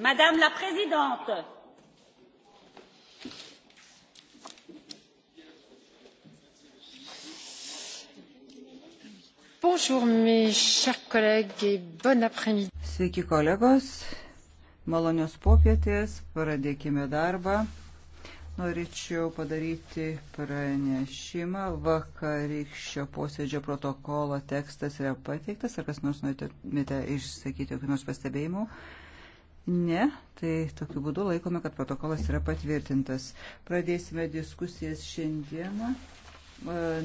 Madame la Présidente, Bonjour, mes chers collègues, et bon après-midi. Sveiki, kolegos. Malonios popietės. Pradėkime darbą. Norėčiau padaryti pranešimą. Vakarykščio posėdžio protokolo tekstas yra pateiktas. Ar kas nors norėtumėte išsakyti kokių nors pastebėjimų? Ne, tai tokiu būdu laikome, kad protokolas yra patvirtintas. Pradėsime diskusijas šiandieną.